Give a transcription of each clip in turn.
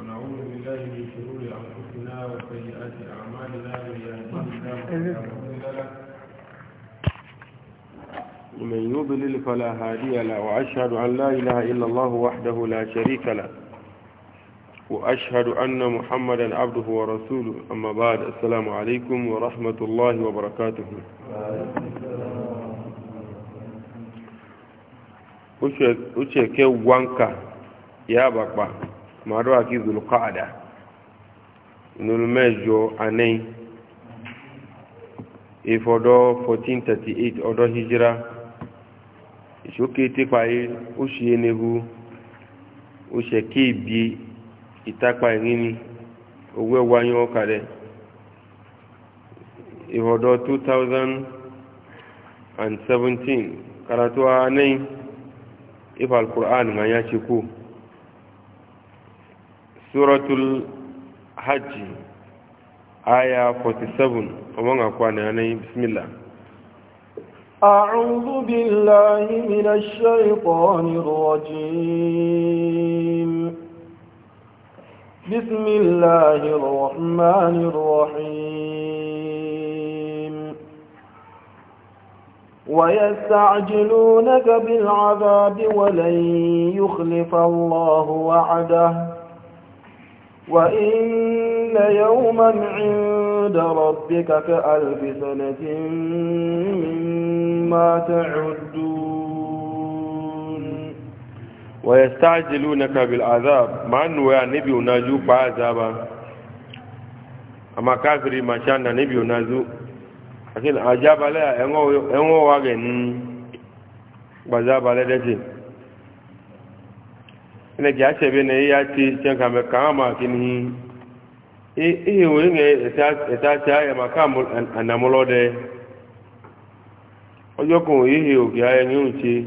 ونعوذ بالله من شرور أنفسنا وسيئات أعمالنا ومن يضلل فلا هادي له وأشهد أن لا إله إلا الله وحده لا شريك له وأشهد أن محمدا عبده ورسوله أما بعد السلام عليكم ورحمة الله وبركاته ó ṣe kẹ́ wáńkà بابا màdó àkí zulukọ́àdà nínú mẹ́jọ anẹ́yìn ìfọ̀dọ́ 1438 ọdọ́ hijira ìṣókè típaye ó ṣe enehu ó ṣe kéèbí ìtapa ìrìnni owó ẹwà yán ọkàlẹ̀ ìfọ̀dọ́ 2017 karatu anẹ́yìn ìfàlùkùrán ma yá ṣe kú. سورة الحج آية 47 ومن أقوان يعني بسم الله أعوذ بالله من الشيطان الرجيم بسم الله الرحمن الرحيم ويستعجلونك بالعذاب ولن يخلف الله وعده وإن يوما عند ربك كألف سنة مما تعدون ويستعجلونك بالعذاب مع أنه يا نبي ناجوب عذابا أما كافري ما شان نبي ناجوب لكن عذاب لا ينغو واغن عذاب لا ene ki achebe na ya ti chenka me kini ihe wuri ne eta ta ya maka anamulode ojo kun ihe oge aye ni unche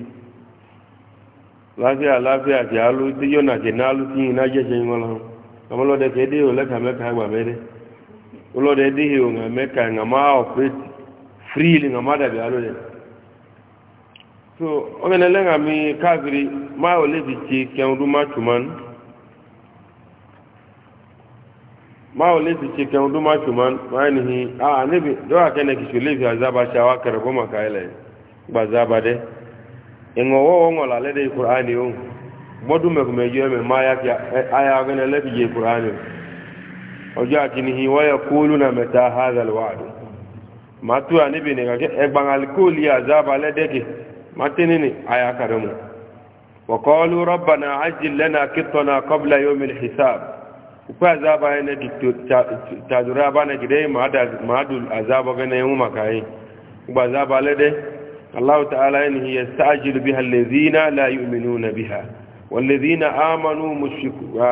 lafiya lafiya ti a ti yona ti na alu ti na je se ngola amulode ke o le ka me ka gba mere ụlọ de he o nga me ka nga ma freely nga ma da bi de so ɔmɛnɛ lɛ ŋa mi kaviri maa o levi tse kɛŋ do ma tsuman maa o levi tse kɛŋ do ma tsuman maa yi nihi aa ne bi dɔw y'a kɛ ne kisi o levi azaba tse awa kɛrɛ bɔ ma ka yi lɛ gba zaba dɛ eŋɔ wɔwɔ ŋɔ la lɛ de kurani o gbɔdu mɛkumɛ yɔ mɛ maa ya kia ɛ aya ɔmɛnɛ lɛ bi je kurani o ɔjɔ ati nihi wɔyɛ kóolu na mɛ taa hazali waadu màá tu ya bi ne ka kɛ ɛgbaŋalikóoli ماتنيني آية كرمو وقالوا ربنا عجل لنا كطنا قبل يوم الحساب وكو عذابا هنا تجربة نجري ما عدو العذابا هنا يوم مكاين وكو عذابا لدي الله تعالى إن هي يستعجل بها الذين لا يؤمنون بها والذين آمنوا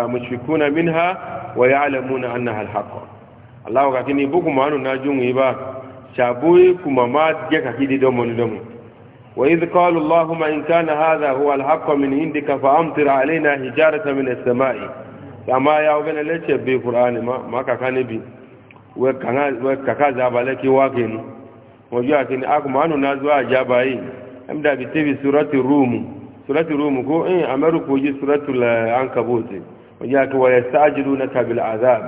مشفكون منها ويعلمون أنها الحق الله قال إني بكم ناجوم إبا شابوي كما ما تجيك أكيد دومون وإذ قالوا اللهم إن كان هذا هو الحق من عندك فأمطر علينا حجارة من السماء كما يوغن لك في القرآن ما ما كان بي وكذا بالك واكن وجاكن أكما نازوا جاباي أمدا في سورة الروم سورة الروم كو إيه أمرك وجي سورة العنكبوت وجاك ويستعجلونك بالعذاب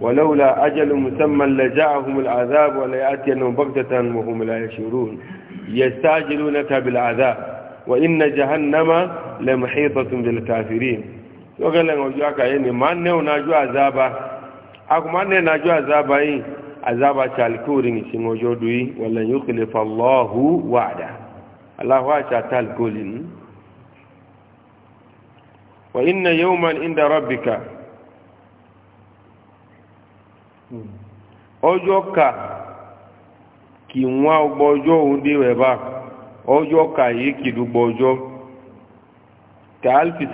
ولولا أجل مسمى لجاءهم العذاب وليأتينهم بغتة وهم لا يشعرون يستعجلونك بالعذاب وإن جهنم لمحيطة بالكافرين وقال لهم وجوهك يعني ما أنه ناجو عذابا أكو ما أنه ناجو عذابا عذابا تالكورين سنوجودوي ولن يخلف الله وعدا الله عشاء تالكورين وإن يوما عند ربك أجوك kì wọ́n gbọ́jọ́ òun dé wẹ̀bá ọjọ́ kàyé kìdù gbọ́jọ́ kàálfì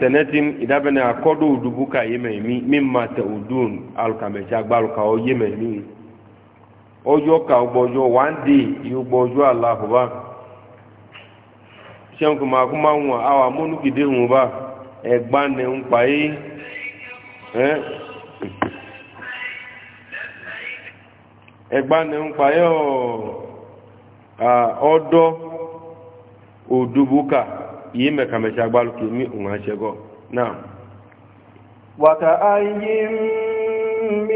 ìdábẹ́nẹ́ akọdụ òdùbú kàyé mẹ̀mí mímà tẹ̀ òdùn alùkàmẹ̀já gbárùkà ọyé mẹ̀mí ọjọ́ kà gbọ́jọ́ wọ́n dé ìyó gbọ́jọ́ aláhùbá máa kú máa hùn bá ń ọdọ odubuka yìí mẹ̀kàmẹ̀ṣẹ́ agbálùkì ní òun àṣẹgọ́ náà wàtà ayé min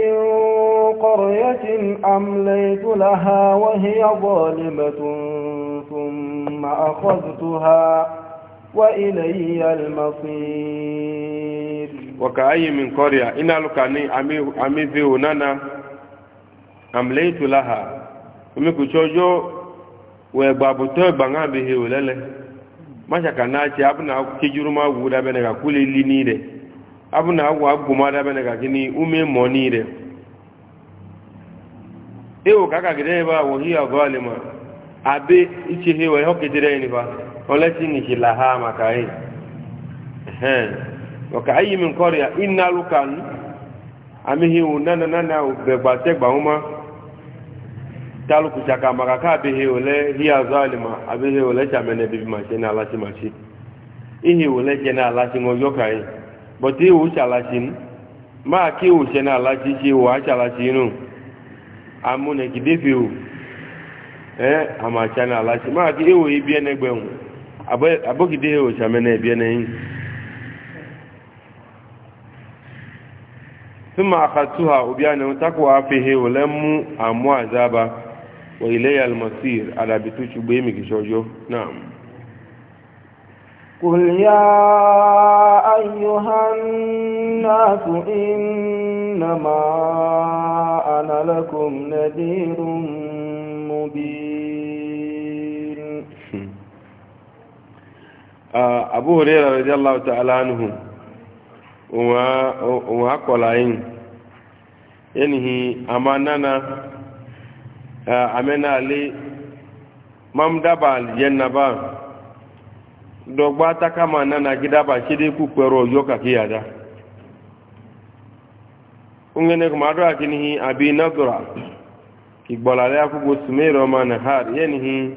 qaryatin amlaytu laha wa hiya zalimatun thumma akhadhtuha wa ilayya al-masir wàkà ayé min qarya inaluka ni amífihùnánà amlaytu laha omi kò ṣọjọ́ wee gbabụta ịgbana abịghị olele macha ka na achị abụ na akwụkwọ ijuru ma agwụ dabere ka li ili niile abụ na agwụ agwụ ma dabere ka gịnị ume mmụọ niile ewu ka aka gide ebe awụ hi ọgụ alima abe iche ha wee họketere ya niba olesi la ha maka anyị e. ehe ọka ayi m nkọrịa ịna alụkan amịghị iwu nana nana begbategbanwụma talu kuchaka makaka abihi ole hiya zalima ole chamene bibi mashi na alashi mashi ihi ole che na alashi ngoyo kai but ihi ucha alashi ma ki na inu amune kidifi u eh ama cha na alashi ma ki iwe ibie ne gbe un abo abo mene yin ثم أخذتها تقوى فيه ولم أمو وإلي المصير على بتوش بيمك شوجو نعم قل يا أيها الناس إنما أنا لكم نذير مبين أبو هريرة رضي الله تعالى عنه وما قال إن إنه أماننا amena ali mam daba aljanna ba dogba ta kama na na gida ba shi dai ku kwero yo ka kiya da ungene kuma do akinihi abi nadra ki bolale aku go sumeiro man har yenihi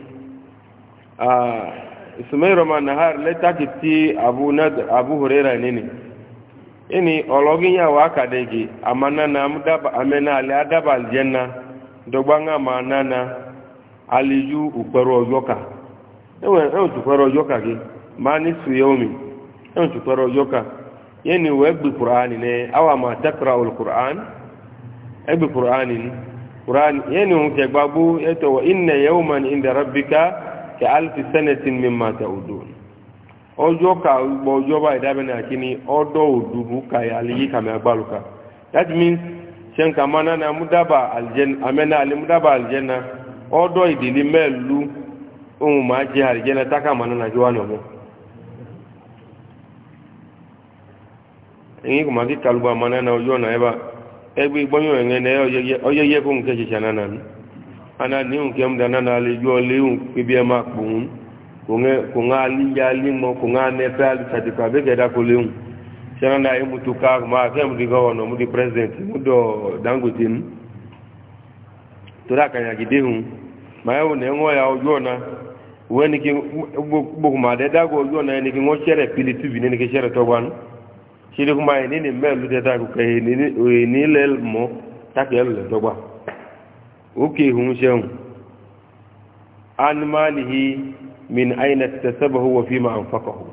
a sumeiro man har le ta ki ti abu nad abu hurera nini ini ologin ya wa ka dege amana na mudaba amena ali adaba aljanna dɔgba ma nana aliju ukpɛrɛ ɔyɔka ɛwɛ ɛwɛ tukpɛrɛ ɔyɔka ke maa ni suyomi ɛwɛ tukpɛrɛ ɔyɔka yɛni wɛ gbi kur'ani nɛ awa ma takra ol kur'an ɛgbi kur'ani ni kur'ani yɛni ŋun kɛ gbagbo ɛtɔ wa inna yawman inda rabbika ka alfi sanatin mimma ta'udun ɔyɔka gbɔ ɔyɔba idabɛ na kini ɔdɔ odubu ka yali yi kame agbaluka that means sen ka mana na mudaba aljanna amena ali daba aljanna odo idili melu ohun ma je aljanna taka mana na jiwa no yin kuma ki kaluba mana na ojo na eba egbe igboyo yen na oyeye ko nke ana ni un kem dana na le yo le ma pun ko nge ko nga ali ya tena na yi mutu ka ma ke mu di gawon mu di president mu do dangote mu to da kan ya gide hun ma ne ngo ya ojo na wani ki bu kuma da da go ojo na ki ngo chere pili tu bi ki chere to ban shi di kuma ni ni me lu de da ku ke ni ni ni lel mo ta lu to ba o ke hun sheun an malihi min aina tasabahu wa fima anfaqahu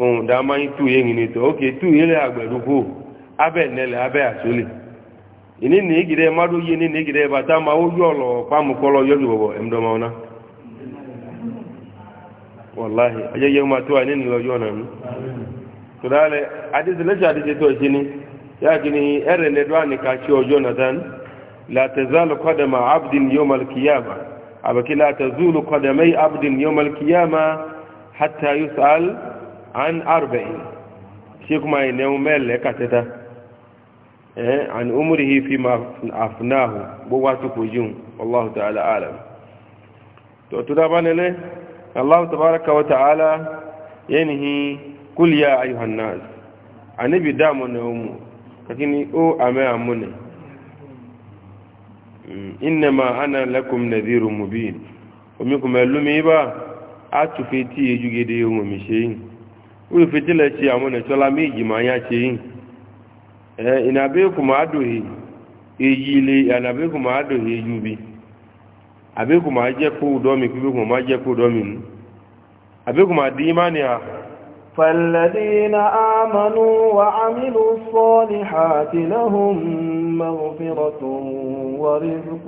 ohun dama yi tu yẹn ni tọ oke tu yẹn lẹ agbẹdugbo abẹ nẹlẹ abẹ asole ìní nìyí dẹ madu yé ní nìyí dẹ bàtà ma ó yọ lọ pàmò kọlọ yọ bìbọ ẹmdọmọ ọ̀nà wàláhi ayẹyẹ ma tó àní nìlọ yọ nànú tọ́lá lẹ adéṣe lẹ́sẹ̀ adéṣe tó ẹ̀ṣẹ̀ ni yáa kí ni ẹ̀rẹ̀ nẹ́dọ́ àníkà tí ọjọ́ nàdán látẹ̀zálù kọ́dẹ̀mà abdin yomal kiyama àbẹ̀kí látẹ̀zúlù kọ́dẹ̀mẹ́ abdin yomal kiyama hàtà an arba'in shi kuma ya nemo mele katata eh an umrihi fi ma afnahu bo watu ko jin wallahu ta'ala alam to to da banele allah tabaaraka wa ta'ala yanhi kul ya ayuhan nas anabi damu na umu lakini o ame amune innama ana lakum nadhirun mubin omi kuma lumi ba atufi ti ejugede mi seyin uyu fitile ci amune tola miji manya ci eh inabe kuma aduhi ejile anabe kuma aduhi yubi abe kuma je ku domi ku kuma ma je ku domi abe kuma di imani ha فالذين آمنوا وعملوا الصالحات لهم مغفرة ورزق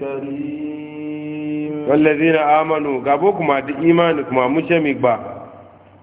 كريم والذين آمنوا قابوكما دي إيمانكما مشمك با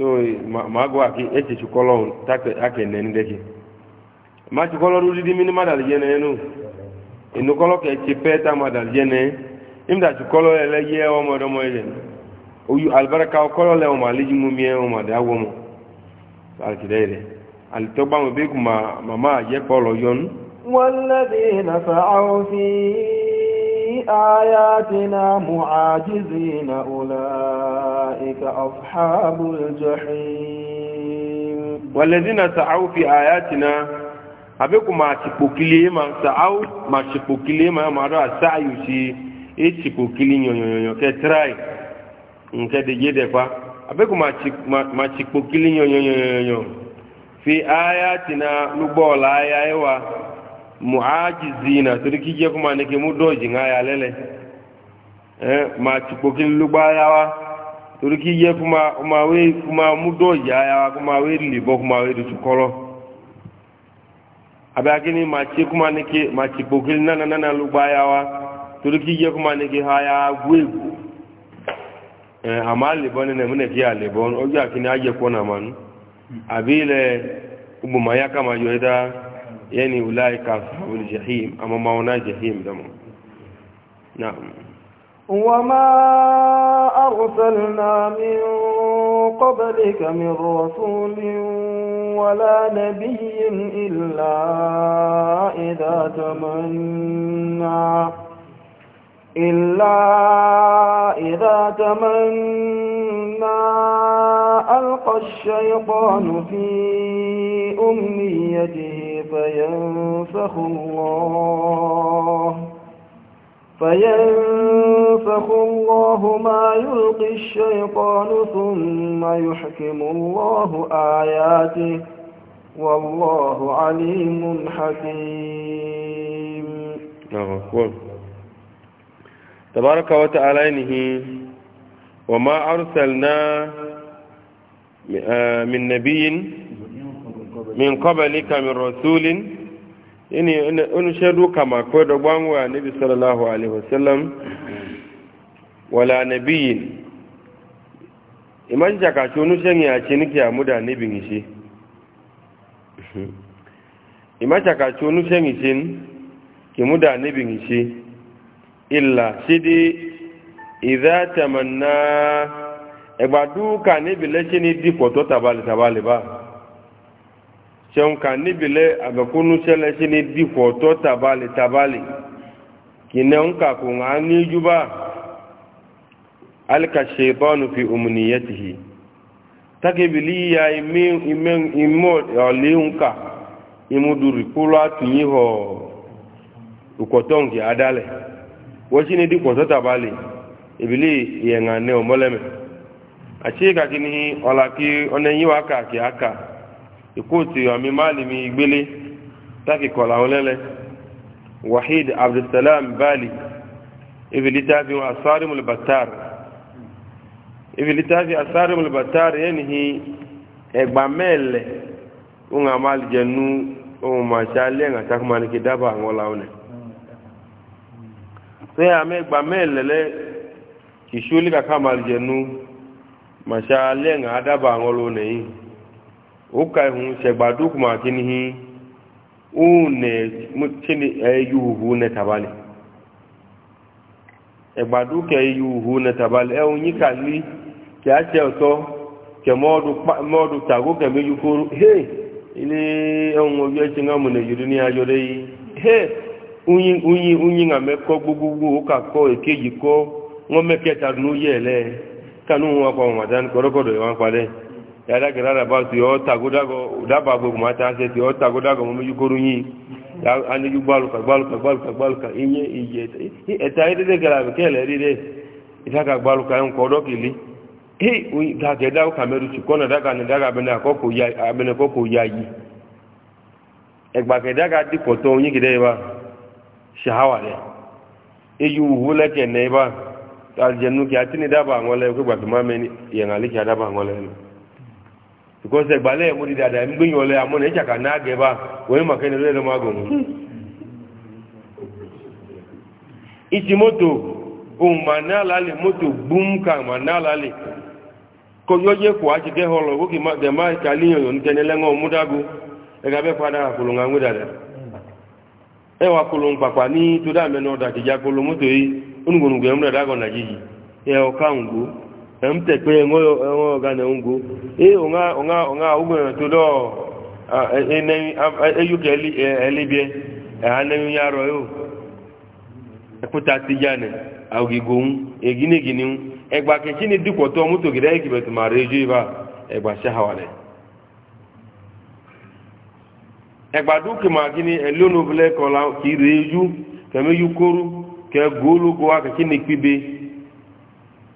so ma go aki eche chukolo take ake ne ndeki ma chukolo rudi di mini madal yene no inu kolo ke eche peta madal yene imda chukolo ele ye o mo do mo yene oyu albaraka o kolo le o ma liji mu mi e o ma da wo mo alkidere al toba mo be kuma mama ye kolo yon والذين سعوا في آياتنا معاجزين أولئك أصحاب الجحيم والذين سعوا في آياتنا abeku ma sipokili ma sa'au ma sipokili ma ma ra sa'yu si e sipokili nyonyonyo ke try nke de yede pa abeku ma ma sipokili nyonyonyo fi ayatina lugbo la ayaewa muajizina torí kí jẹ́ kúmà ní kí mú dọ́jì ńáyà lẹ́lẹ̀ ma tìpò kí lúgbà yáwá torí kí jẹ́ kúmà mú dọ́jì yáwá kúmà wé lìbọ́ kúmà wé dùtù kọ́lọ́ abẹ́kí ni ma tì kúmà ní kí ma tìpò kí nánà nánà lúgbà yáwá torí kí jẹ́ kúmà ní kí háyà gbégbó àmà lìbọ́ nínú ẹ̀mú nìkí àlìbọ́ ọjọ́ àkíní ajẹ́kọ́ nàmánu àbí ilẹ̀ ugbùnmáyá kàmáyọ̀ ẹ̀dá يعني أولئك أصحاب الجحيم أما مونا جحيم دم نعم وما أرسلنا من قبلك من رسول ولا نبي إلا إذا تمنى إلا إذا تمنى ألقى الشيطان في أمنيته فينفخ الله فينفخ الله ما يلقي الشيطان ثم يحكم الله آياته والله عليم حكيم نعم، تبارك وتعالى إنه وما أرسلنا آه، من نبي min qablika min rasulin ini unu shedu kama ko do gbanwo anabi sallallahu alaihi wasallam wala nabiyin iman jaka chunu shengi a chiniki amuda nabi ngishi iman jaka chunu shengi chin kimuda nabi ngishi illa sidi idha tamanna egbadu ka nabi lechini dipo to tabali tabali ba sɛŋ kan níbi lɛ abɛkunu sɛlɛ sini di fɔtɔ tabali tabali kinɛŋ ka ko ŋa nijuba ali ka seetɔnu fi umuniyatihi takibili ya imi ime imo ɔliŋ ka imuduri kula tunyi hɔ ukɔtɔŋ ki adalɛ wɔsini di fɔtɔ tabali ibili yɛŋa ne ɔmɔlɛmɛ ati kakini ɔlaki ɔnɛnyiwa ka ki aka. ìkóòtù àmì máàlìmí ìgbélé táàkì kọ̀lá olẹ́lẹ́ wahid abdulsalam bali ibilitafi asarimul batar ibilitafi asarimul batar yẹnihi ẹgbà mẹ́ẹ̀lẹ̀ ń a máa jẹnu ohun máa ṣáálẹ̀ ń àtàkùnmá ní kí dábà àwọn ọlá ọlẹ̀ ṣé àmì ẹgbà mẹ́ẹ̀lẹ̀ kìṣúlẹ̀ kàkà máa jẹnu máa ṣáálẹ̀ ń àdábà àwọn ụka ihu segbado kuma kinihi une chini eyuhu ne tabali egbado ke eyuhu ne tabali e onyi kali ke ase oto ke modu tago ke meju koru he ile ohun ojo ti ngamu ne yiri ni ayore yi he unyi unyi unyi ngame ko gugugu uka ko kanu yada girara ba su yau tago dago daba gogo mata se ti yau tago dago mu yi koru yi an yi gbalu ka gbalu ka gbalu ka gbalu ka inye iye gara bi kele rire ita ka gbalu ka yin kodo kili he ga ke dago kameru ci kona daga ni daga abene akoko ya abene koko ya yi egba daga di koto yin shahawa le eyu wule ke ba aljannu ki atini daba ngole ko ni yen ali daba ngole because ẹgbàlẹ̀ ẹ̀mú di dada ń gbìyàn ọlẹ́ àmọ́ ní ìjàkà náà gẹ̀ẹ́bá wọ́n mọ̀ kẹ́ni lórí ẹ̀lọ́mọ́ agùn mú. ìtì mọ́tò ohun mà náà lálẹ́ mọ́tò gbúm ká mà náà lálẹ́ kò yọ yẹ kó àti kẹ́ họlọ ó kì má dẹ̀ má kálí yọ̀yọ̀ ní tẹ́ni lẹ́ngàn múdágó ẹ̀ka bẹ́ẹ̀ padà kòló ń gbé dada. ẹ wà kòló pàpà ní tó dá mẹ́nu ọ̀dà àtijọ́ kòló mọ́tò yìí ó m te kpe enwe ga na ngwo ee onga e, onga onga ugwe to do ene e, e, ke li elibie e ane nya ro yo kuta ti jane awgi gun e gini gini e gba ke chini dikwo to mu to gire gibe to mare ju ba e gba sha hawale e gba ma gini e kọla ble ko la ki reju ke ke golu ko wa ke chini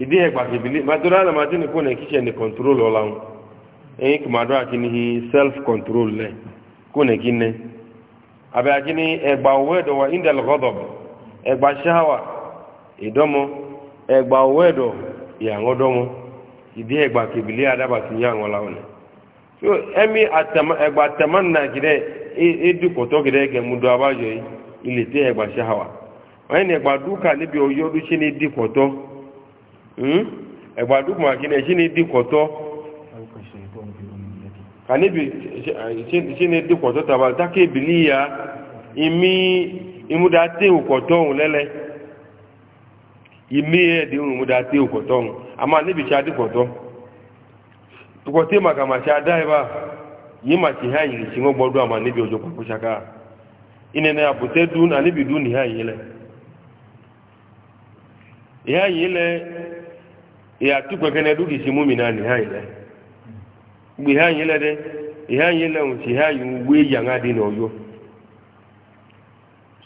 ìdí ẹgbà kìbìlì màdúrà náà màdí ní kónà ní control ọ̀la wọn ẹ̀yìn kì màdúrà kí ní self control lẹ̀ kónà kí ní abẹ́ àti ní ẹgbà owó ẹ̀dọ̀ wa indel gọ́dọ̀ ẹgbà ṣáwà ìdọ́mọ ẹgbà owó ẹ̀dọ̀ ìyàwó dọ́mọ ìdí ẹgbà kìbìlì ẹ̀ so ẹ̀mí ẹgbà tẹ̀mánà dọ́ abájọ yìí ilẹ̀ tẹ́ ẹgbà ṣáwà wọ́n Hmm? ẹ̀gbà dúkùn ṣí ni dìkọ̀tọ́ kàníbi ṣí ni dìkọ̀tọ́ tàbá tákì ya ìmí ìmúdá òkọ̀tọ́ òun lẹ́lẹ́ ìmí ẹ̀dì ìmúdá òkọ̀tọ́ òun àmà níbi ṣá dìkọ̀tọ́ tukọ̀tí màkàmà ṣá dáìbà yìí mà ṣì hàn yìí ṣì wọ́n gbọ́dọ̀ àmà níbi òjò pàkó ṣaká ìnẹ̀nẹ̀ àbùtẹ́ dún àníbi dún nìhàn yìí lẹ. ya tukwe kene du gisi mumina ni hanye gbe hanye le de ihanye le un ti hanye we ya nga di no yo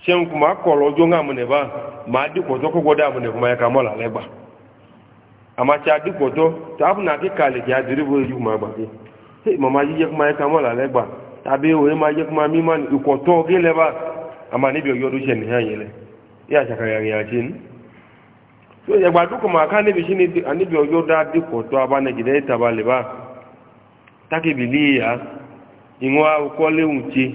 seun kuma kolo jo nga mune ba ma di ko to ko goda mune kuma ya kamola legba ama cha di ko to ta na ki kale ki adiri bo ju ma ba he mama yi je kuma ya kamola tabi o ma je kuma mi man to ba ama ni bi yo ya so yagba duka ma ka nibi shi ne anibi ojo da diko to aba na gida ita ba liba take bili ya inwa uko le unchi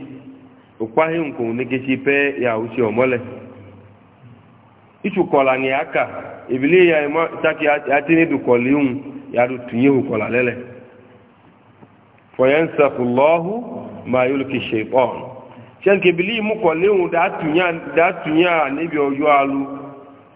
ukwa he nko ne ke shi pe ya uchi omole ichu kola ni aka ibili ya ma take atini du koliun ya du tunye ukola lele fayansahu allah ma yulki shaytan shan ke bili mu da tunya da tunya nibi alu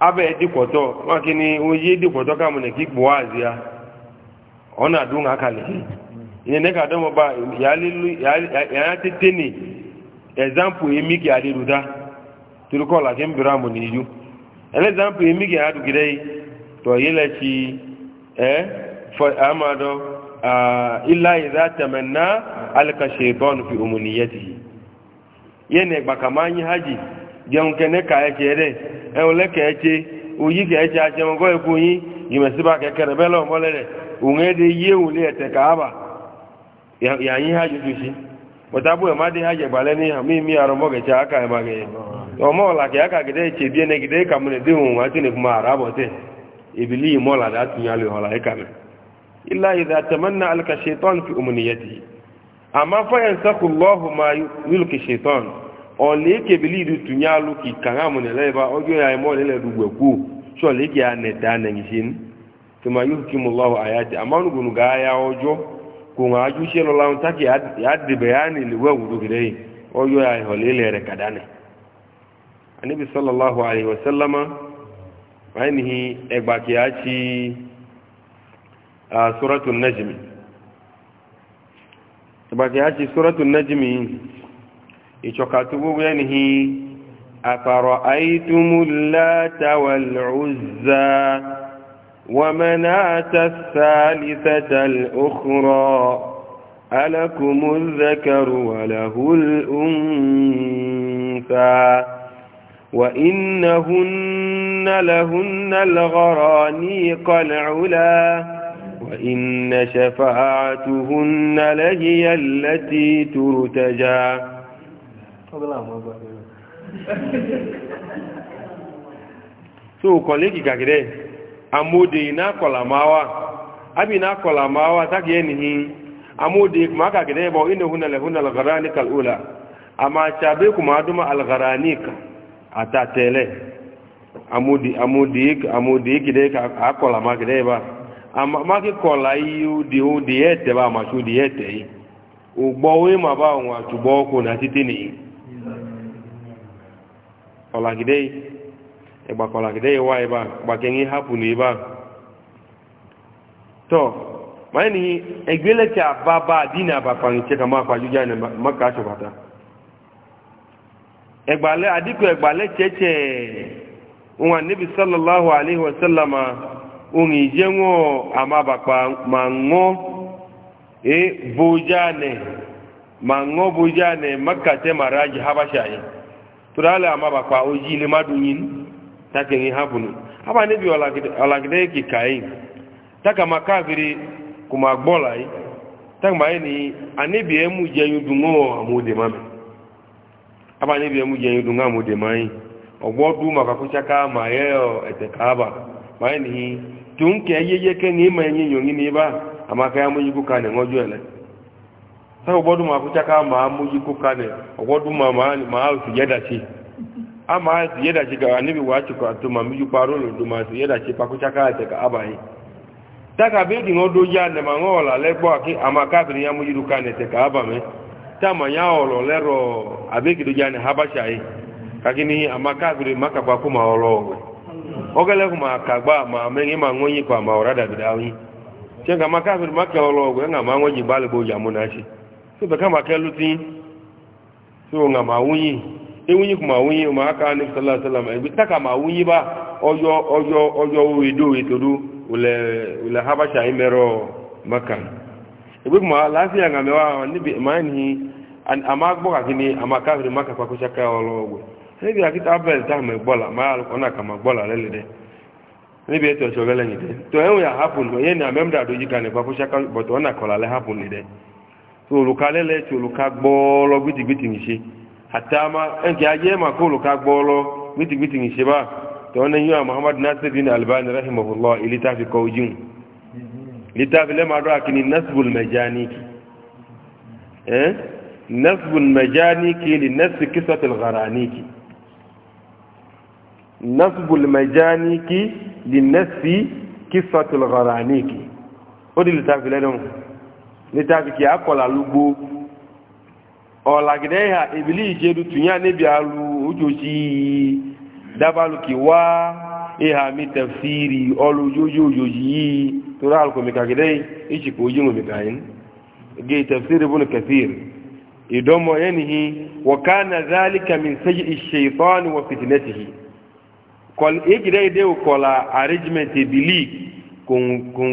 abe dikɔtɔ wakini oye dikɔtɔ kamu ne kikpo azia ɔna dun akali ne ne ka dɔn mo ba yalilu yaya tete ni ɛzampu emi ke adi du ta turukɔ la ke n bira mu ni ju ɛlɛ zampu emi ke adu gida yi tɔ yi la tsi ɛ na alikashe bɔnu fi omuni yɛ ti yɛ ne gbakama nyi hajj. jẹun kẹne ka ẹkẹ dẹ ẹun lẹkẹ ẹkẹ oyi kẹ ẹkẹ ajẹun kọ ẹkọ yin yìmẹsíba kẹkẹ rẹ bẹlẹ ọmọlẹ rẹ òun ẹdẹ yé òun lé ẹtẹ káàbà yàyín hajj si pọtabu ẹ má dé ha gbalẹ ní àmì mi kẹkẹ aka ẹ má kẹyẹ ọmọ ọlà kẹ aka kẹdẹ ẹkẹ bíẹ nẹ kẹdẹ ẹka mu nẹ dé òun àti nìkú ma bọ tẹ ebili yìí ilá yìí tẹmẹ fi òmìnir ọ̀lẹ́ èkè bìlìdì tùnyẹ alù kì kàrámù nílẹ̀ ìbá ọjọ́ ìyá ẹmọ́ nílẹ̀ dùgbẹ̀ kú ṣọ̀lẹ́ èkè anẹ̀dá nẹ̀yìn tó ma yóò kí mu lọ́wọ́ àyájẹ́ àmánugùnù gà áyá ọjọ́ kò ń ajú ṣe lọ́la ń tákì àdìbẹ̀ yá ni ìlú ẹ̀wùdó gẹ̀rẹ́ ọjọọ ya ìṣọ̀kàtúgbogbo ẹni hì àfàrọ̀ àìtúmùláta wàlúùzà ومناة الثالثة الأخرى ألكم الذكر وله الأنثى وإنهن لهن الغرانيق العلا وإن شفاعتهن لهي التي ترتجى ọgbọ́n àwọn ọgbà ẹ̀rọ so kọ̀lẹ́kì kàkìdẹ́ àmóde iná kọ̀làmáwà ábí iná kọ̀làmáwà tákì ẹni hì àmóde kùmá kàkìdẹ́ bọ̀ inú húnalẹ̀ húnalẹ̀ algharani kal'ula àmà àṣàbé kùmá dúnmọ́ algharani àtàtẹ̀lẹ̀ àmóde àmóde kìdẹ́ àkọ̀làmá kìdẹ́ bá àmà kí kọ̀là yìí ó di ó di ẹ̀tẹ̀ bá àmàṣó di ẹ̀tẹ̀ ọlagide ịgbakọ ọlagide ịwa ebe a gbakenye hapụ na ebe a tọ manye n'ihi egweleke ababa di na abakpa nke ka ma akpajuja na maka achọbata egbale adịkọ egbale cheche nwa nebi sallallahu alaihi wasallam un ije nwụọ amabakpa ma ṅụọ e bujane ma ṅụọ bujane maka mara ji habasha anyị turale amaba kwa ojile madunyin take ngi habunu aba ne bi olagide ki kai taka makaviri kuma gbola yi taka mai ni anebi emu je yudungo amude aba ne bi emu je amude ma yeo etekaba ma ni tunke yeye ke ni ma yin yongi ni ba amaka ya mu yibuka ele sai obodu ma ku taka ma mu yi ku kane obodu ma ma ni ma su yeda ci ama su yeda ci ga anibi wa ci ko to ma mu yi paro lo ma su yeda ci pa ku taka ta ka abai taka be di ngodo ya ne ma ngola le gbo ki ama ka bi ya mu yi du kane te ka aba me ta ma ya olo le ro abe ki do ya ne habasha yi kakini ama ka bi maka pa ku ma olo we ogele ma ka ma me chenga maka bi maka olo so bẹ̀ká ma kẹ́lú tí so ǹgà ma wúnyí ewúnyí kò ma wúnyí o ma ká ní sọ́lọ́sọ́lọ́ ẹgbẹ́ tákà ma wúnyí bá ọjọ́ ọjọ́ ọjọ́ ìdó ìtòdó ulẹ̀ habasha imẹ́rọ maka ẹgbẹ́ kò ma láàfíà ǹgà mẹ́wàá níbi a ní àmà gbọ́ kàkí maka pàkóṣá tó ẹ̀wọ̀n yà hápùn ẹ̀yẹ́ ni àmẹ́mdà nípa bọ̀tọ̀ nìdẹ́ tí olùka lẹ́lẹ̀ tí olùka gbọ́ọ́lọ́ gbìtìgbìtì ń ṣe àtàmà ẹnkẹ́ ayé mà kó olùka gbọ́ọ́lọ́ gbìtìgbìtì ń ṣe bá tọ́wọ́n ní yíwa muhammad nasir bin albani rahimahullah ilita fi kọ́ ojú ilita fi lẹ́mọ̀ adọ́ akini nasbul majaniki eh nasbul majaniki li nasi kisatil gharaniki nasbul majaniki li nasi kisatil gharaniki ó di ilita fi lẹ́dọ̀ọ́ nítorí kìí akọ̀là lugbo ọ̀làgídẹ́ ìhà ìbílí ìṣèlú tùyàn níbi alu ojoojì dábàlù kìí wá ìhà mi tẹ̀fìrì ọlójójó òjòjì yìí tó rà alùkòmìkàgídẹ́ ìṣìkò ojú òmìkàyín gé tẹ̀fìrì bùnú kẹfìrì ìdọ́mọ yẹnìí wọ̀kánà zálìkà mi sẹ́yìn ìṣe ìtọ́ni wọ fìtìnẹ́tìhì ìgídẹ́ ìdẹ́wò kọ̀là arrangement ìbílí kò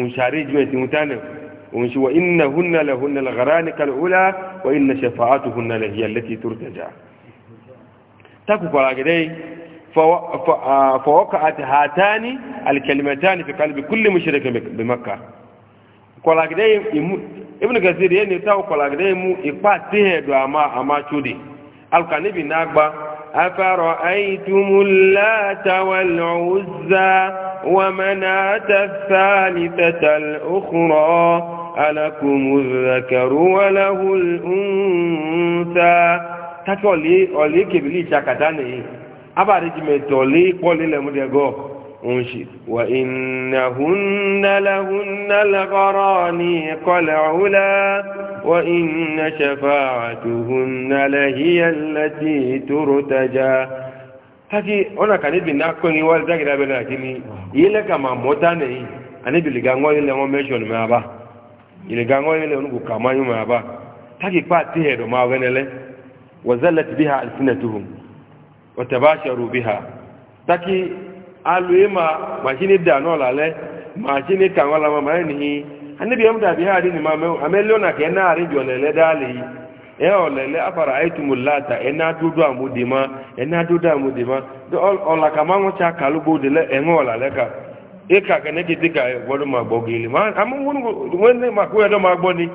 ń ṣe arrangement ìhùtánẹ̀kù e ومشي وإنهن لهن الغرانك الأولى وإن شفاعتهن لهي التي ترتجى تكو فلاقدي فوقعت هاتان الكلمتان في قلب كل مشرك بمكة فلاقدي ابن كثير يعني تاو فلاقدي مو إقبات تهدو أما أما شودي القنبي ناقبا أفرأيتم اللات والعزى ومناة الثالثة الأخرى ألكم الذكر وله الأنثى تتولي أولي كبلي شاكتاني أبارج متولي قولي لمدقو انشد وإنهن لهن الغرانيق العلا وإن شفاعتهن لهي التي ترتجى haki ona ka níbi náà kọ́ ní wá ìdágìdá bẹ̀rẹ̀ àti ní ilẹ̀ ka ma mọ́ta nìyí a níbi lè gangọ́ ilẹ̀ wọn mẹ́ṣọ́n mẹ́ àbá ilẹ̀ gangọ́ ilẹ̀ wọn kò kà máa yún mẹ́ taki pa tí ẹ̀dọ̀ máa wẹ́nẹ́lẹ́ wọ́n zẹ́lẹ̀ ti bí ha alfinatuhun wọ́n taki alue ma machine da no la le machine kan wala ma mai ni anabi am da bi hadi ni ma me amelio na ke na ari jo le le dali e o le le afara aitumul lata e na dudu amudi ma e na dudu amudi ma do all all la kama ngo cha kalu bo de le e ngo la le ka e ka ke ne ki tika e godo ma bogili ma amu won won ne ma ku e do ma gbo ni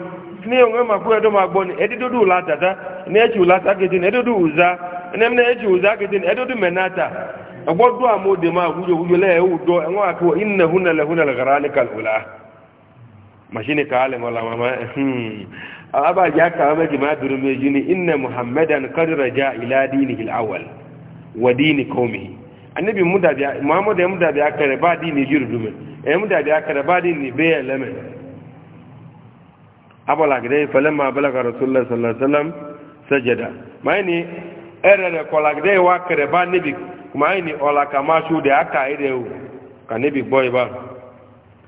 ni o ngo ma ku e do ma gbo ni e di dudu lata da ne e chu lata ke din e dudu uza ne me ne e chu uza ke din e dudu menata agbọ́dọ̀ àmóde máa wújòwújò lẹ́ẹ̀wùdọ́ ẹ̀wọ́n àti wọ iná húnà lẹ́húnà lẹ́gàrá ní kàlùlá màṣínì kààlẹ̀ mọ́lámàmá hmm. abájá kàwọ́ méjì máa dúró méjì ní iná muhammadan kọ́dìrọ̀já ìlàdínì ìlàwọ̀l wà dínì kọ́mi anibi muhammad ya mudabi akẹrẹ bá dínì yorùdùmẹ ya e mudabi akẹrẹ bá dínì bẹ́ẹ̀ lẹ́mẹ abọ́làgídẹ́ ìfẹ́lẹ́mà abẹ́lẹ́gà rasulillah sallallahu alaihi wa sallam sẹ́jẹ̀dá máa ní ẹ̀rẹ̀ rẹ̀ kọ́làgídẹ́ ìwà akẹrẹ bá níbi kumaini ola kama shude aka ide u kanibi boy ba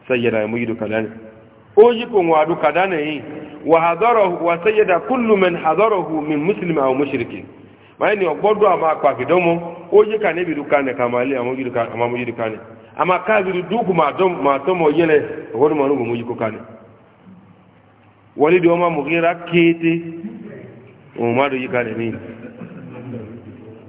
sayyida muyidu kadani oji ko wadu kadane yi wa hadarahu wa sayyida kullu man hadarahu min muslim aw mushrikin maini ogbodo ama kwa kidomo oji kanibi dukane kama ile amuyidu ka ama muyidu kane ama kabiru duku ma dom ma tomo yele ogodo ma nugo muyidu kane walidi oma mugira kete o madu yikane nini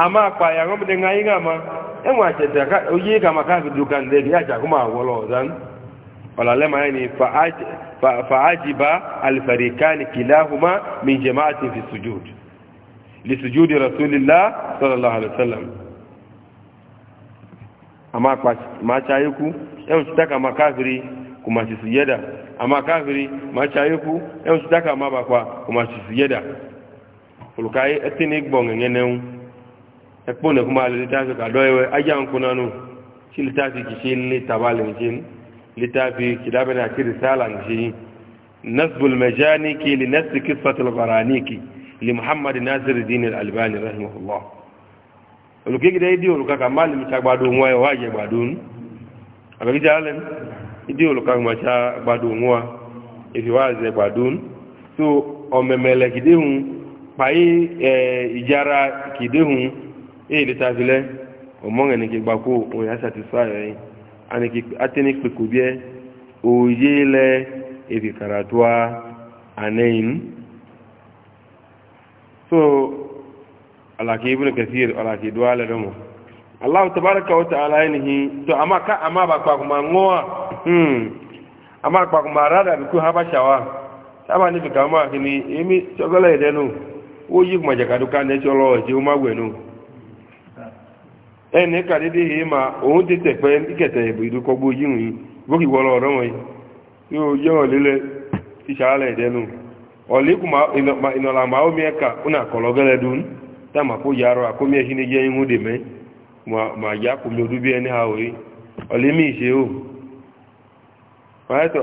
ama akpa ya ngom de ngai ngama enwa eh, cheta ka uji kama ka dukan de ya cha kuma wolo dan wala lema yani fa aj fa ajiba al fariqan kilahuma min jama'ati fi sujud li sujudi rasulillah sallallahu alaihi wasallam ama akpa ma cha yiku en eh, chitaka makafiri kuma sujada ama kafiri ma cha yiku en eh, chitaka mabakwa kuma sujada ulukai etini gbongengeneu ekpone kuma litafi ka doyewe ajan kunanu shi litafi kishin ni tabalin shin litafi kidabana ki risalan shi nasbul majaniki li nasb qissatul baraniki li muhammad nasir din al albani rahimahullah oluke gida idi oluka ka malim ta gbadu nwa yo waje gbadun abegi jalen idi oluka ma cha gbadu nwa ifi waze gbadun so omemele kidehun pai eh ijara kidehun ee le ta filɛ o mɔ ŋɛni ke gbako o ya satisfy yɛ anike atene kpeko biɛ o lɛ ebi karatoa anɛyin so alake ibnu kasir alake do alɛ dɔmɔ alahu tabaraka wa ta'ala yanihi to ama ka ama ba kwa kuma ngoa hmm ama kwa kuma rada bi ku haba shawa saba ni bi kama kini imi chogola edenu wo yi kuma jakadu kan ne cholo je uma gwenu ẹni ka dédé yìí ma òun ti tẹ̀pẹ́ ìkẹtẹ̀ ìbò ìdúkọgbó yìí wọ̀nyí bókì wọlọ ọ̀rọ̀ wọn yóò yẹ ọ̀lẹ́lẹ̀ ìṣàlẹ̀ ìdẹ́nu ọ̀lẹ́kùnmá ìnọ̀làmà omi ẹ̀ka ó nà kọ̀lọ́ gẹ́lẹ́ dùn tá màá kó yàrá àkómi ẹ̀hín ní yẹ́ ihun dèmẹ́ ma yá kó mi odúbí ẹni ha òye ìṣe o. máa ṣe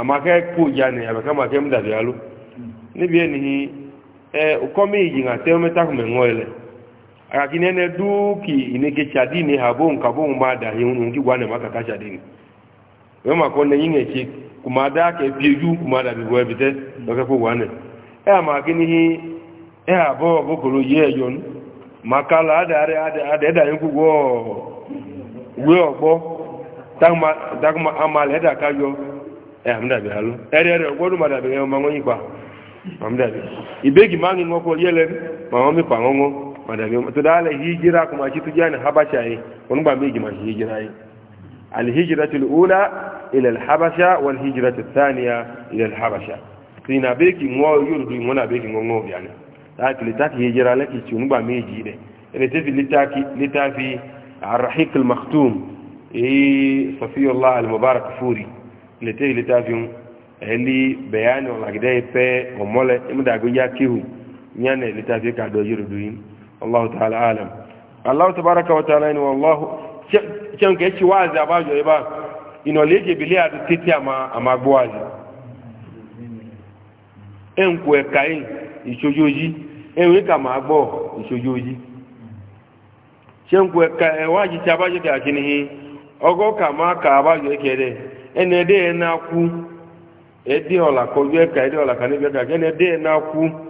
àmàkẹ́ kó ya ni máa kẹ́ akaki nene duki ineke chadini habon kabon ma da yungi wane makaka chadini wema ko ne yinge chi kuma da ke piju kuma da bi gobe te doka ko wane e ma kini hi e abo bokoro ye yon makala adare ade ade da yungu go we ogbo tagma tagma amale da kayo e amda bi halu ere ere ogbo ma da bi ma ngonyi pa amda bi ibegi mangi ngoko yele ma mi pa madame to da ala hijira kuma shi tujani habasha yi wani ba mai jima shi hijira yi alhijiratu alula ila alhabasha wal hijiratu thaniya ila alhabasha sina beki ngo yurdu mona beki ngo ngo yana ta kilitaki hijira laki ci wani ba mai ji de ina tafi litaki litafi الرحيق المختوم إيه صفي الله المبارك فوري ina tafi litafin eli bayani wala gidai pe omole imu da agun ya kihu nyane litafi ka do yurdu yin Allah ta'ala alam Allah tabaraka wa ta'ala ni ala chen ke wazi abajo iba inoleje bilia tutiti ama amagwazi enku ekai isojoji enwe ka ma gbo isojoji chenku eka ewaji ti abajo ogo ka ma ka abajo ekere na ku edi ola edi ola na ku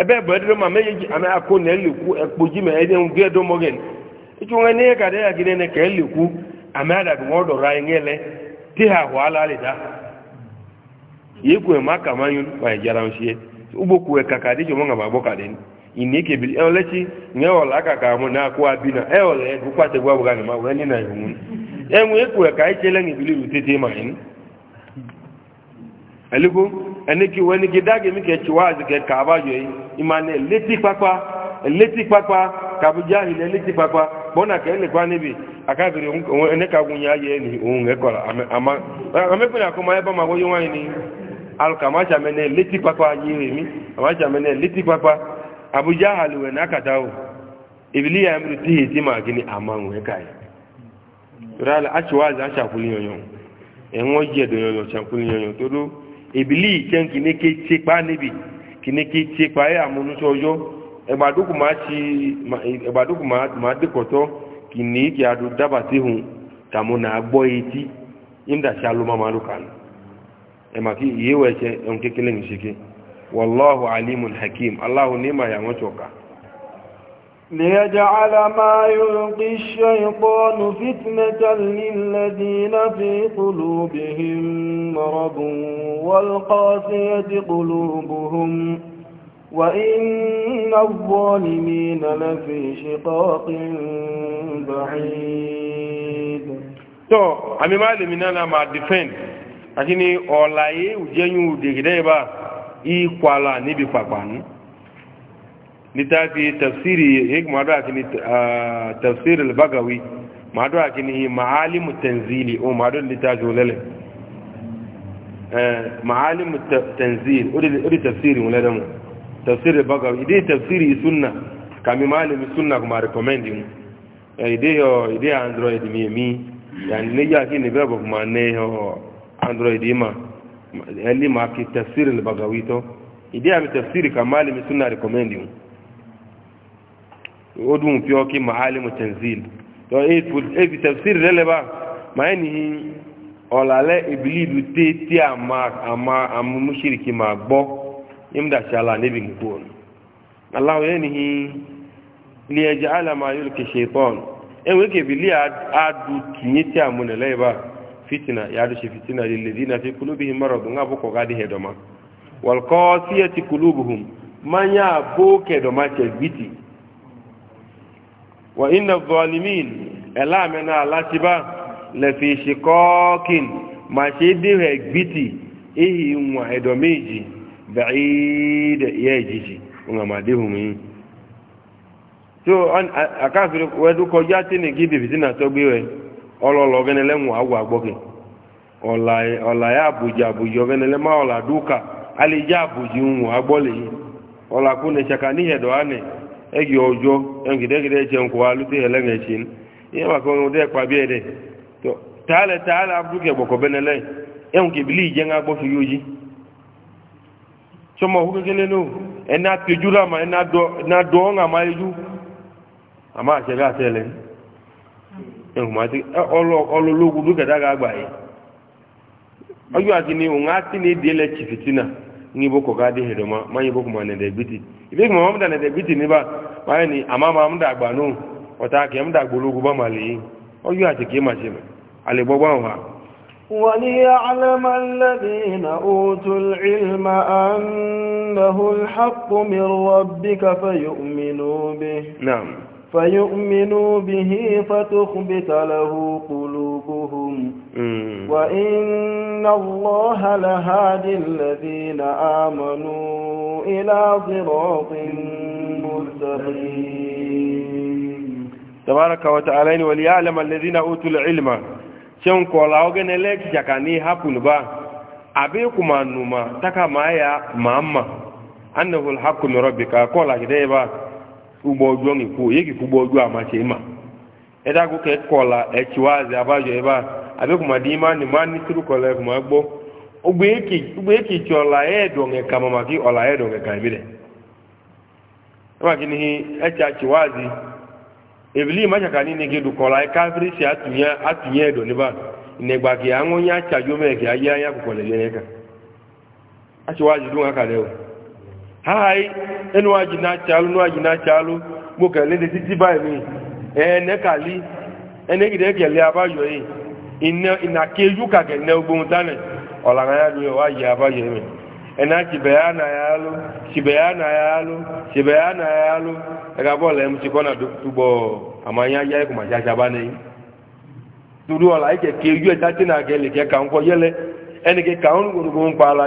ebe bụ edere ma meji ama akụ na elekwu ekpoji ma ede ngụ edo mogen ịchụ nwe n'ihe ka dị ya gide ne ka elekwu ame adabi nwa ọdọrọ anyị ngele ti ha hụ ala alịda ya ekwe ma aka ma nyụ ma ejara nsie ugbo kwuwe ka ka dịjọ mọnga ma agbọ ka dị ine ke bili e olechi nye ọla aka ka mụ na akụ abina e ọla ebu kwategwa bụ gani ma wee ni na ihu enwe ekwe ka anyị chele ngibili rutete ma anyị elugo ẹnìkí eme ẹnìkí dáàgé mi ka wá àzìkẹ́ kàbá yọ yìí ìmàlẹ̀ létí pápá létí pápá kàbújá ilẹ̀ létí pápá bọ́nà kẹ́lẹ̀ pa níbi àkàbèrè ẹnìkàgùn yà yẹ ni òun ẹ̀kọ́lá àmọ́ amẹ́kùnrin àkọ́mọ ẹ bá máa wọ́yọ́ wáyé ni alùkàmáṣàmẹ́nẹ létí pápá yé mi àmáṣàmẹ́nẹ létí pápá àbújá àlùwẹ̀ nákàtà o ìbílí yà mú tíyè tí màá gíní àmọ́ òun ẹ̀ka yìí rálá aṣọ àṣàkúlì yọ̀yọ̀ ẹ̀wọ̀n jẹ̀dọ̀ yọ̀yọ̀ ṣàkúlì yọ̀yọ̀ tó dó ibili ken kine ke tse pa nibi kine ke tse pa ya munu sojo egbaduku ma ti egbaduku ma ma dikoto kini ki adu daba ti hun tamu na agbo eti inda shalu ma malukan e ma ki yewe che on kekele ni shike wallahu alimun hakim allah ne ma ya mo choka ليجعل ما يلقي الشيطان فتنة للذين في قلوبهم مرض والقاسية قلوبهم وإن الظالمين لفي شقاق بعيد تو أمي مالي أنا مع الدفن أجيني أولاي وجيني وديك ديبا إيقوالا نبي فاقواني littafi tafsiri hikma da kini tafsir al-bagawi ma da kini ma'alim tanzili o ma don littafi wala eh ma'alim tanzil udi tafsiri wala da mu tafsir al-bagawi idi tafsiri sunna kami malami sunna kuma recommending ide yo ide android mi mi yani ne ya kini bebo kuma ne yo android ma ali ma ki tafsir to ide abi tafsiri kama malami sunna recommending odun fi oki ma'alimu tanzil to e, e fi tafsir rele ba ma enihi olale ibilidu te ti ama ama amu mushriki ma gbo imda shala nebi ngbon allah yenihi li yaj'ala ma yulki shaytan enwe ke bili adu tinye ti amu ne leba fitina ya du fitina lil ladina fi qulubihim marad ngabo ko gadi hedoma wal qasiyati qulubuhum manya bo kedoma te biti. wa inna zalimin elamena alatiba lefi shikokin ma ṣe dìrẹ̀ gbìtì ihi nwa ẹ̀dọ̀ méjì bàídẹ̀ yẹ ìjìjì ọmọ àmàdéhùn yìí kọjá tí ní gidi fìtínà tó gbé rẹ̀ ọlọ́lọ́ gẹ́nẹlẹ́mù àwọ̀ àgbọ́kẹ̀ ọ̀làyà àbòjì àbòjì ọ̀gẹ́nẹlẹ́mà ọ̀làdúkà ń yìí egi ọjọ́ ẹnkìdẹ́kìdẹ́ jẹ ńkọ wa lute ẹlẹ́gẹ̀ ní ìyẹn wà ọdẹ ẹ̀pà bí ẹ̀dẹ̀ tó tààlẹ̀ tààlẹ̀ abúlùkẹ̀ gbọ̀kọ̀ bẹ́nẹ̀ lẹ́yìn ẹ̀hùn kìbìlì ìjẹ́ ńlá yóò yí kékeré rà àmà àmà ti yìí àti ni òun á ti ní ìdílé tìfìtì náà ngi boko ga de hedo ma ma yi boko ma ne de biti ibe ma ma ne de biti ni ba ma ni ama ma mda gba nu o ta ke ba o yu ati ke ma se ale gba wa وليعلم الذين أوتوا العلم أنه الحق من ربك فيؤمنوا به نعم فيؤمنوا به فتخبت له قلوبهم وإن إن الله لهادي الذين آمنوا إلى صراط مستقيم تبارك وتعالى وليعلم الذين أوتوا العلم شن كولاوغن لك جكاني هابون با أبيكما نوما تكا مايا ماما أنه الحق من ربك كولا كديبا ugbọjọ nìkú yéèkì kú gbọjọ àmàṣe mà ẹdágún kẹkọọlà ẹtìwáàzì abájọ ẹ bá abekuma di imani ma turu kɔlɛ kuma gbɔ ugbe eki tsi ɔla yɛ dɔngɛ kama maki ɔla yɛ dɔngɛ kan bi dɛ ɛma kini hi ɛtsi e atsi waazi ebili matsaka ni nege du kɔla yɛ e kafiri si atunya atunya yɛ dɔni ba ke aŋɔ nya atsa dzo mɛ ke kɔkɔ lɛ kan atsi waazi ka lɛ o hayi enu wadzi na atsi alu nu na atsi alu mo kɛlɛ de titi ba yi e mi ɛɛ nɛkali ɛnɛgi de kɛlɛ aba yɔ yi. inakeju ka kene ogbontane ọ̀làrà ya lu ẹwà yìí abáyé mi ẹ̀nà tìbẹ̀yà nà ya lu tìbẹ̀yà nà ya lu tìbẹ̀yà ya lu ti ya yá ẹ̀kùnmọ̀ ṣáṣá bá ní. turu ọ̀là ẹ̀kẹ́ keju ẹ̀ta tí nàá kẹ́lẹ̀ kẹ́ kà ń kọ́ yẹlẹ ẹnì kẹ́ ka ń gbogbo ń pa àlà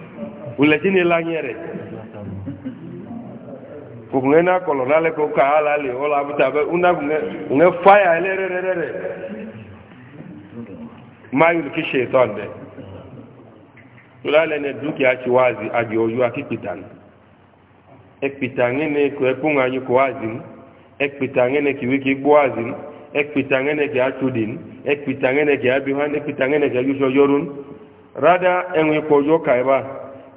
ulẹ̀tí ni lanyẹ rẹ̀ òkùnkùn ẹ̀ náà kọ̀lọ̀ lálẹ́ kó ká ala lè ọ̀la abúta abẹ́ ńnàkùnkùn ẹ̀ fáyà ẹlẹ́rẹ́rẹ́rẹ́ máa yóò kí ṣètò ọ̀dẹ́ tólálẹ̀ ní dúkìá ti wá àzì àjò ọ̀yọ́ akíkìtà ní ẹ̀pìtà ní ní kò ẹkún àyè kò àzì ní ẹ̀pìtà ní ní kìwé kí gbó àzì ní ẹ̀pìtà ní ní kì á tó dì ní ẹ̀pìtà ní ní kì á bí wọn ẹ̀pìtà ní ní kì á yóò ṣọyọ́rún rádá ẹ̀wọ̀n ikọ̀ ọjọ́ kàìbá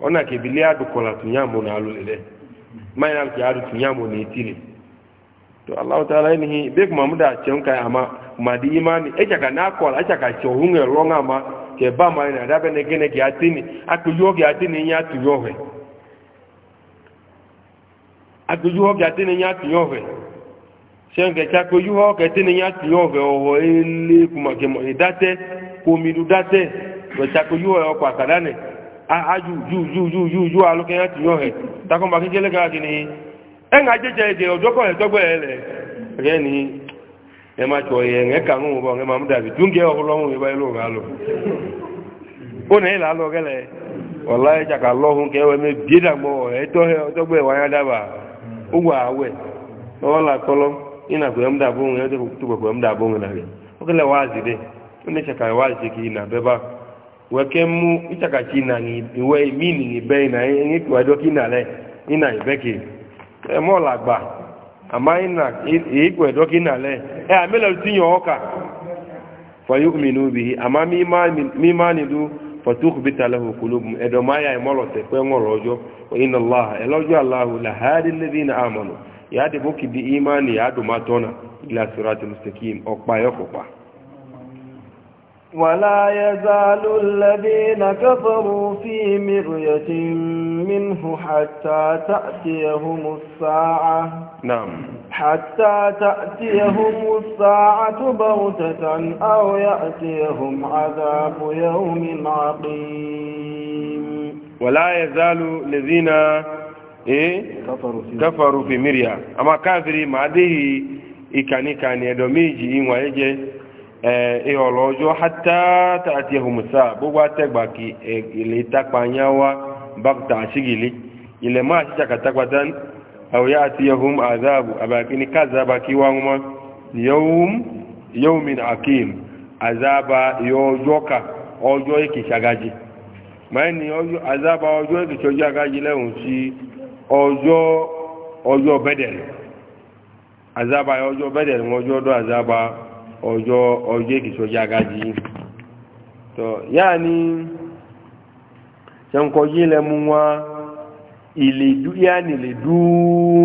ona ke bile adu kola tunyamo na alulele mayna ke adu tunyamo ne tire to allah ta'ala ni be kuma mamuda cen kai ama madi imani e jaga na kola a jaga cho hunge longa ma ke ba ma na da be ne gene ke atini aku yo ke atini nya tu yo he aku yo ke atini nya tu yo he sen ke cha ko yo ke atini nya tu yo he o ile kuma ke mo idate ko mi du date ko cha ko yo e o kwa a ah, ah, ju ju ju ju ju alo kẹyà ti yọ hẹ takọmọ akíkẹlẹ kan kì ní ẹ ń ajẹjẹ ẹgẹ ọjọkọ ẹ tọgbẹ ẹ lẹ ẹgẹ ní ẹ máa tọ ẹ ẹ kà ń wọn bọ ẹ máa mú dàbí dúngẹ ọlọrun ìbá ẹlò ọgá lọ ó nà wẹ́kẹ́ mú ìtàkàtì ìnà ìwẹ́ ìmìnì ìbẹ́ ìnà ìníkù ẹjọ́ kí ìnà rẹ̀ ìnà ìbẹ́kẹ̀ ẹmọ́ làgbà àmá ìnà ìníkù ẹjọ́ kí ìnà rẹ̀ ẹ àmìlẹ̀ tí yàn ọ́kà fọyú mìínú bì í àmá mímá nìlú fọtúkù bí talẹ̀ òkúlù ẹ̀dọ̀ máa yà ìmọ̀lọ̀ tẹ̀ pé wọ́n rọ̀jọ́ iná láha ẹlọ́jọ́ aláhu làhádì lẹ́bí iná àmọ̀nù yàá dìbò kìdí ìmá ni yàá dùn má tọ́nà ilà sùràtì mùsùlùmí ọ̀pá ẹ̀kọ̀pá. ولا يزال الذين كفروا في مرية منه حتى تأتيهم الساعة نعم حتى تأتيهم الساعة بغتة أو يأتيهم عذاب يوم عقيم ولا يزال الذين إيه؟ كفروا, في كفروا في مرية أما كافري ما ديه إكاني كان يدوميجي إيه ìọ̀lọ́jọ́ hátàtà àti ẹ̀hùnmùsá gbogbo àtẹ́gbàkì ilẹ̀ ìtàpàyáwá bákùtà àṣígìlẹ̀ ilẹ̀ máa ṣíṣà kàtàkàtà àwòyá àti ẹ̀hùn àzáàbù àbàkì ní kàzàbàkì wá wọn yóòmìn akim àzáàbà ìyọjọ́ka ọjọ́ ìkìṣàgájì mẹ́ni àzáàbà ọjọ́ ìkìṣàgájì lẹ́hùn sí ọjọ́ bẹ́dẹ̀rẹ̀ àzáàbà ọjọ́ bẹ́dẹ̀rẹ̀ wọn ọjọ́ ọdọ́ azaba ọjọ́ ọjọ́ ìkìsọ́jà gájì tọ́ yáà ní ṣankọjí lẹ́mú wá ìlèdú yá ní ìlèdú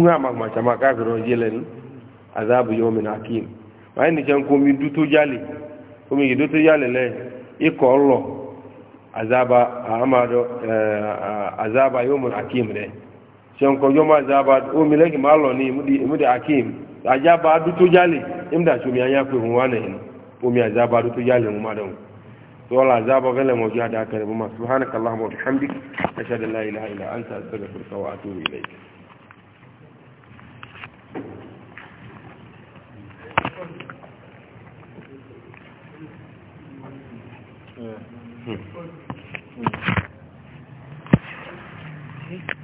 hàn màgbàṣàmà káàkiri ọjọ́ lẹ́nu azáàbù yóò mìíràn akim wáyé ní ṣankọ omi dú tó jálè omi ìdó tó jálè lẹ́ ikọ̀ ọlọ̀ azaba àmàdọ̀ azaba yóò mìíràn akim rẹ̀ ṣankọjọ́ akim ajaba adu tó jálè imda tsomi anya pe hun wa nẹyin omi azaba adu tó jálè hun ma dẹ hun tọ́lá azaba fẹlẹ̀ mọ̀jú adá kẹrẹ bó ma subhanahu wa ta'ala mọ̀jú hamdi la ilaha illa anta astaghfiruka wa atubu ilayk Hmm.